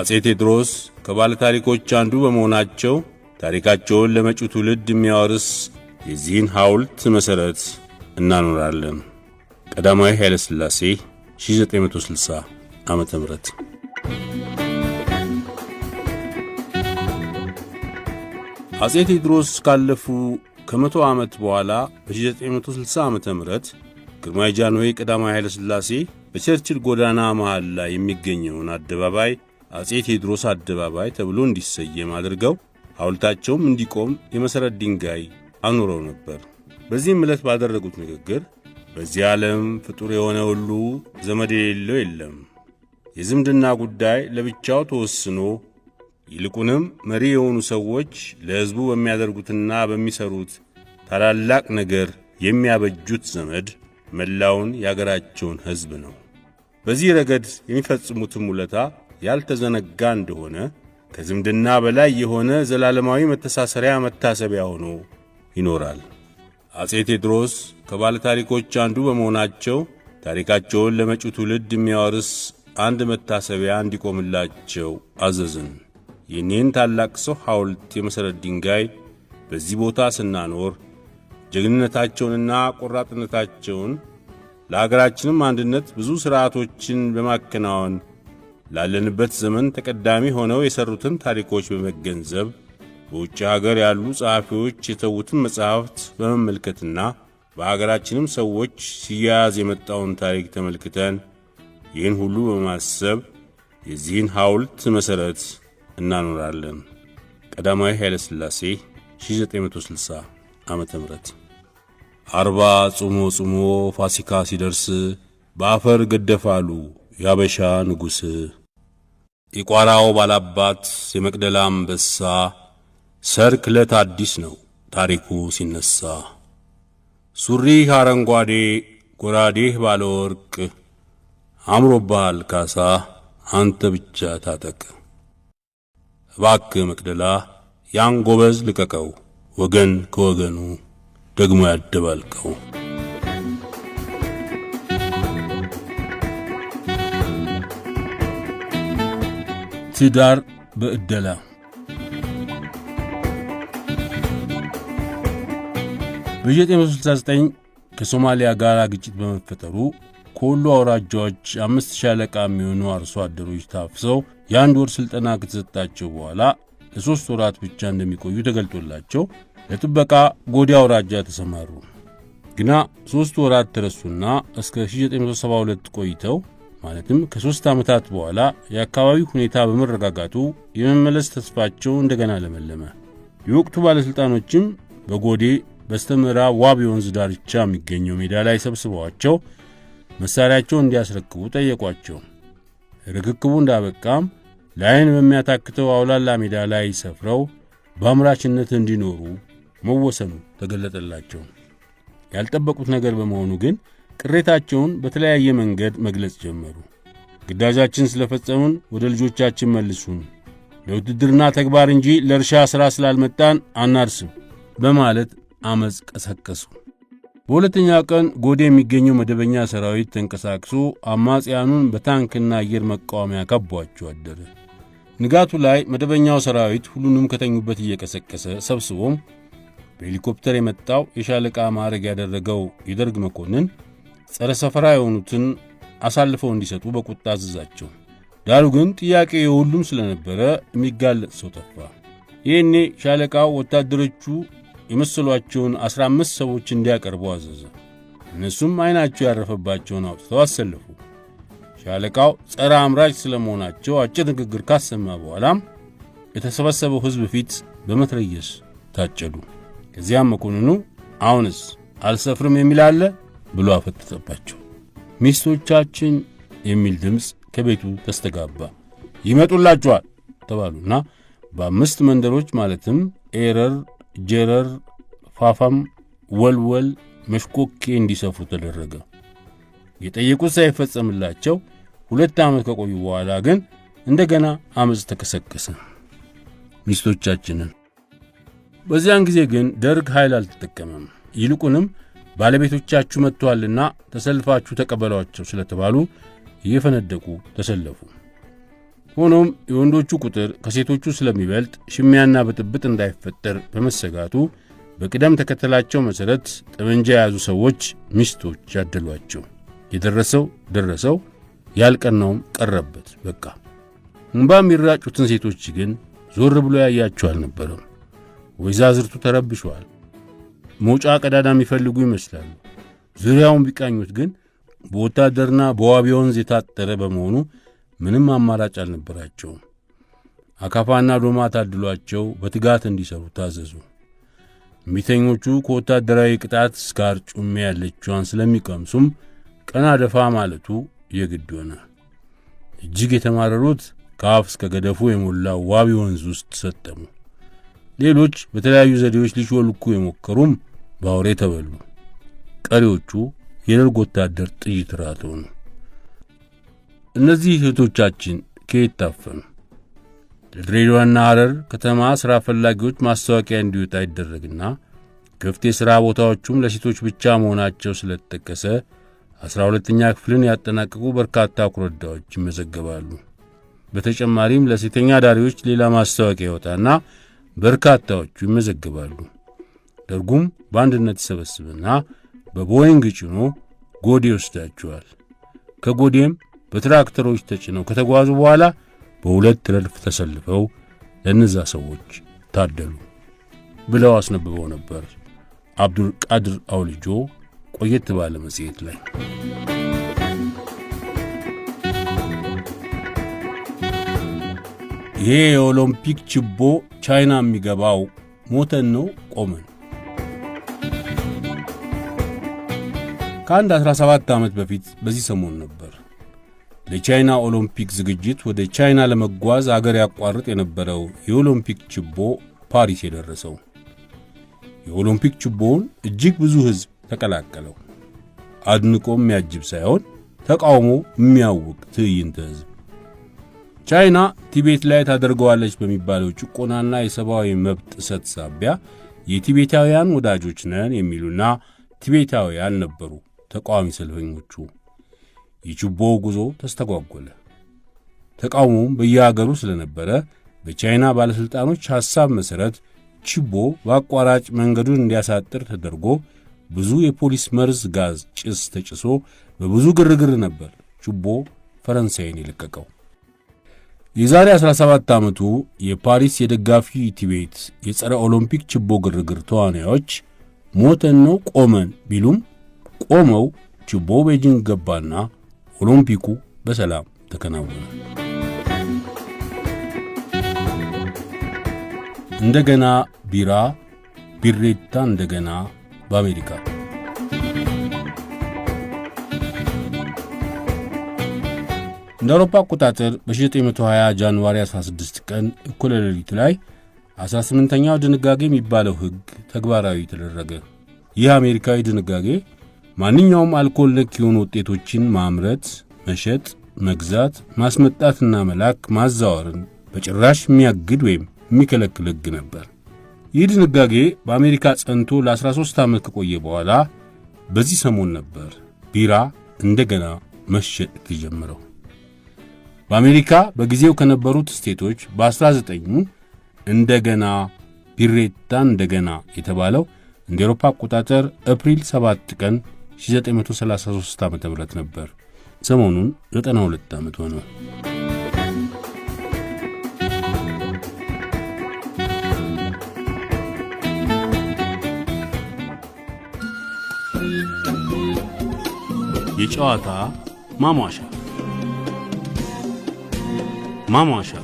አጼ ቴዎድሮስ ከባለታሪኮች አንዱ በመሆናቸው ታሪካቸውን ለመጪው ትውልድ የሚያወርስ የዚህን ሐውልት መሠረት እናኖራለን። ቀዳማዊ ኃይለ ሥላሴ 1960 ዓ ም አጼ ቴዎድሮስ ካለፉ ከመቶ ዓመት በኋላ በ1960 ዓ ም ግርማዊ ጃንሆይ ቀዳማዊ ኃይለ ሥላሴ በቸርችል ጎዳና መሃል ላይ የሚገኘውን አደባባይ አጼ ቴዎድሮስ አደባባይ ተብሎ እንዲሰየም አድርገው ሐውልታቸውም እንዲቆም የመሠረት ድንጋይ አኑረው ነበር። በዚህም ዕለት ባደረጉት ንግግር በዚህ ዓለም ፍጡር የሆነ ሁሉ ዘመድ የሌለው የለም። የዝምድና ጉዳይ ለብቻው ተወስኖ ይልቁንም መሪ የሆኑ ሰዎች ለሕዝቡ በሚያደርጉትና በሚሠሩት ታላላቅ ነገር የሚያበጁት ዘመድ መላውን የአገራቸውን ሕዝብ ነው። በዚህ ረገድ የሚፈጽሙትም ውለታ ያልተዘነጋ እንደሆነ ከዝምድና በላይ የሆነ ዘላለማዊ መተሳሰሪያ መታሰቢያ ሆኖ ይኖራል። አፄ ቴዎድሮስ ከባለ ታሪኮች አንዱ በመሆናቸው ታሪካቸውን ለመጪው ትውልድ የሚያወርስ አንድ መታሰቢያ እንዲቆምላቸው አዘዝን። ይህንን ታላቅ ሰው ሐውልት የመሠረት ድንጋይ በዚህ ቦታ ስናኖር ጀግንነታቸውንና ቆራጥነታቸውን ለአገራችንም አንድነት ብዙ ሥርዓቶችን በማከናወን ላለንበት ዘመን ተቀዳሚ ሆነው የሠሩትን ታሪኮች በመገንዘብ በውጭ ሀገር ያሉ ጸሐፊዎች የተዉትን መጻሕፍት በመመልከትና በሀገራችንም ሰዎች ሲያያዝ የመጣውን ታሪክ ተመልክተን ይህን ሁሉ በማሰብ የዚህን ሐውልት መሠረት እናኖራለን። ቀዳማዊ ኃይለ ሥላሴ 1960 ዓ ም አርባ ጽሞ ጽሞ ፋሲካ ሲደርስ በአፈር ገደፋሉ ያበሻ ንጉሥ የቋራው ባላባት የመቅደላ አንበሳ ሰርክ ለት አዲስ ነው ታሪኩ ሲነሳ። ሱሪህ አረንጓዴ ጎራዴህ ባለ ወርቅ አምሮብሃል ካሳ አንተ ብቻ ታጠቅ። እባክ መቅደላ ያን ጎበዝ ልቀቀው፣ ወገን ከወገኑ ደግሞ ያደባልቀው። ትዳር በእደላ በ1969 ከሶማሊያ ጋር ግጭት በመፈጠሩ ከሁሉ አውራጃዎች አምስት ሻለቃ አለቃ የሚሆኑ አርሶ አደሮች ታፍሰው የአንድ ወር ሥልጠና ከተሰጣቸው በኋላ ለሦስት ወራት ብቻ እንደሚቆዩ ተገልጦላቸው ለጥበቃ ጎዲ አውራጃ ተሰማሩ። ግና ሦስት ወራት ተረሱና እስከ 1972 ቆይተው ማለትም ከሦስት ዓመታት በኋላ የአካባቢው ሁኔታ በመረጋጋቱ የመመለስ ተስፋቸው እንደገና ለመለመ። የወቅቱ ባለሥልጣኖችም በጎዴ በስተምዕራብ ዋቢ ወንዝ ዳርቻ የሚገኘው ሜዳ ላይ ሰብስበዋቸው መሣሪያቸው እንዲያስረክቡ ጠየቋቸው። ርክክቡ እንዳበቃም ለዐይን በሚያታክተው አውላላ ሜዳ ላይ ሰፍረው በአምራችነት እንዲኖሩ መወሰኑ ተገለጠላቸው። ያልጠበቁት ነገር በመሆኑ ግን ቅሬታቸውን በተለያየ መንገድ መግለጽ ጀመሩ። ግዳጃችን ስለፈጸሙን ወደ ልጆቻችን መልሱን፣ ለውትድርና ተግባር እንጂ ለእርሻ ሥራ ስላልመጣን አናርስም በማለት አመፅ ቀሰቀሱ። በሁለተኛው ቀን ጎዴ የሚገኘው መደበኛ ሰራዊት ተንቀሳቅሶ አማጽያኑን በታንክና አየር መቃወሚያ ከቧቸው አደረ። ንጋቱ ላይ መደበኛው ሰራዊት ሁሉንም ከተኙበት እየቀሰቀሰ ሰብስቦም በሄሊኮፕተር የመጣው የሻለቃ ማዕረግ ያደረገው የደርግ መኮንን ጸረ ሰፈራ የሆኑትን አሳልፈው እንዲሰጡ በቁጣ አዘዛቸው። ዳሩ ግን ጥያቄ የሁሉም ስለነበረ የሚጋለጥ ሰው ጠፋ። ይህኔ ሻለቃው ወታደሮቹ የመሰሏቸውን አስራ አምስት ሰዎች እንዲያቀርቡ አዘዘ። እነሱም ዐይናቸው ያረፈባቸውን አውጥተው አሰለፉ። ሻለቃው ጸረ አምራች ስለመሆናቸው አጭር ንግግር ካሰማ በኋላም የተሰበሰበው ሕዝብ ፊት በመትረየስ ታጨዱ። ከዚያም መኮንኑ አሁንስ አልሰፍርም የሚል አለ ብሎ አፈጠጠባቸው። ሚስቶቻችን የሚል ድምፅ ከቤቱ ተስተጋባ። ይመጡላችኋል ተባሉና በአምስት መንደሮች ማለትም ኤረር፣ ጀረር፣ ፋፋም፣ ወልወል፣ መሽኮኬ እንዲሰፍሩ ተደረገ። የጠየቁት ሳይፈጸምላቸው ሁለት ዓመት ከቆዩ በኋላ ግን እንደገና አመፅ ተቀሰቀሰ። ሚስቶቻችንን በዚያን ጊዜ ግን ደርግ ኃይል አልተጠቀመም። ይልቁንም ባለቤቶቻችሁ መጥተዋልና ተሰልፋችሁ ተቀበሏቸው ስለተባሉ እየፈነደቁ ተሰለፉ። ሆኖም የወንዶቹ ቁጥር ከሴቶቹ ስለሚበልጥ ሽሚያና ብጥብጥ እንዳይፈጠር በመሰጋቱ በቅደም ተከተላቸው መሠረት ጠመንጃ የያዙ ሰዎች ሚስቶች ያደሏቸው። የደረሰው ደረሰው፣ ያልቀናውም ቀረበት። በቃ እንባ የሚራጩትን ሴቶች ግን ዞር ብሎ ያያቸው አልነበረም። ወይዛዝርቱ ተረብሸዋል። መውጫ ቀዳዳ የሚፈልጉ ይመስላሉ። ዙሪያውን ቢቃኙት ግን በወታደርና በዋቢ ወንዝ የታጠረ በመሆኑ ምንም አማራጭ አልነበራቸውም። አካፋና ዶማ ታድሏቸው በትጋት እንዲሰሩ ታዘዙ። ሚተኞቹ ከወታደራዊ ቅጣት እስከ አርጩሜ ያለችዋን ስለሚቀምሱም ቀና ደፋ ማለቱ የግድ ሆነ። እጅግ የተማረሩት ከአፍ እስከ ገደፉ የሞላው ዋቢ ወንዝ ውስጥ ሰጠሙ። ሌሎች በተለያዩ ዘዴዎች ሊሾልኩ የሞከሩም በአውሬ ተበሉ። ቀሪዎቹ የደርግ ወታደር ጥይት ራት ሆኑ። እነዚህ እህቶቻችን ከየት ታፈኑ? ለድሬዳዋና ሐረር ከተማ ሥራ ፈላጊዎች ማስታወቂያ እንዲወጣ ይደረግና ክፍት የሥራ ቦታዎቹም ለሴቶች ብቻ መሆናቸው ስለተጠቀሰ አስራ ሁለተኛ ክፍልን ያጠናቀቁ በርካታ ኩረዳዎች ይመዘገባሉ። በተጨማሪም ለሴተኛ ዳሪዎች ሌላ ማስታወቂያ ይወጣና በርካታዎቹ ይመዘገባሉ። ደርጉም በአንድነት ይሰበስብና በቦይንግ ጭኖ ጎዴ ወስዳቸዋል ከጎዴም በትራክተሮች ተጭነው ከተጓዙ በኋላ በሁለት ረድፍ ተሰልፈው ለነዛ ሰዎች ታደሉ ብለው አስነብበው ነበር አብዱል ቃድር አውልጆ ቆየት ባለ መጽሔት ላይ። ይሄ የኦሎምፒክ ችቦ ቻይና የሚገባው ሞተን ነው ቆመን ከአንድ 17 ዓመት በፊት በዚህ ሰሞን ነበር ለቻይና ኦሎምፒክ ዝግጅት ወደ ቻይና ለመጓዝ አገር ያቋርጥ የነበረው የኦሎምፒክ ችቦ ፓሪስ የደረሰው። የኦሎምፒክ ችቦውን እጅግ ብዙ ሕዝብ ተቀላቀለው። አድንቆ የሚያጅብ ሳይሆን ተቃውሞ የሚያውቅ ትዕይንተ ሕዝብ። ቻይና ቲቤት ላይ ታደርገዋለች በሚባለው ጭቆናና የሰብአዊ መብት ጥሰት ሳቢያ የቲቤታውያን ወዳጆች ነን የሚሉና ቲቤታውያን ነበሩ ተቃዋሚ ሰልፈኞቹ። የችቦው ጉዞ ተስተጓጎለ። ተቃውሞውም በየአገሩ ስለነበረ በቻይና ባለሥልጣኖች ሐሳብ መሠረት ችቦ በአቋራጭ መንገዱን እንዲያሳጥር ተደርጎ ብዙ የፖሊስ መርዝ ጋዝ ጭስ ተጭሶ በብዙ ግርግር ነበር ችቦ ፈረንሳይን የለቀቀው። የዛሬ 17 ዓመቱ የፓሪስ የደጋፊ ቲቤት የጸረ ኦሎምፒክ ችቦ ግርግር ተዋናዮች ሞተን ነው ቆመን ቢሉም ቆመው ችቦ ቤጂንግ ገባና ኦሎምፒኩ በሰላም ተከናወነ። እንደገና ቢራ ቢሬታ እንደገና በአሜሪካ እንደ አውሮፓ አቆጣጠር በ1920 ጃንዋሪ 16 ቀን እኩለ ሌሊት ላይ 18ኛው ድንጋጌ የሚባለው ሕግ ተግባራዊ ተደረገ። ይህ አሜሪካዊ ድንጋጌ ማንኛውም አልኮል ነክ የሆኑ ውጤቶችን ማምረት፣ መሸጥ፣ መግዛት፣ ማስመጣትና መላክ ማዛወርን በጭራሽ የሚያግድ ወይም የሚከለክል ሕግ ነበር። ይህ ድንጋጌ በአሜሪካ ጸንቶ ለ13 ዓመት ከቆየ በኋላ በዚህ ሰሞን ነበር ቢራ እንደገና መሸጥ የጀመረው። በአሜሪካ በጊዜው ከነበሩት ስቴቶች በ19ኙ እንደገና ቢሬታ እንደገና የተባለው እንደ አውሮፓ አቆጣጠር ኤፕሪል 7 ቀን 1933 ዓ ም ነበር። ሰሞኑን 92 ዓመት ሆነ። የጨዋታ ማሟሻ ማሟሻ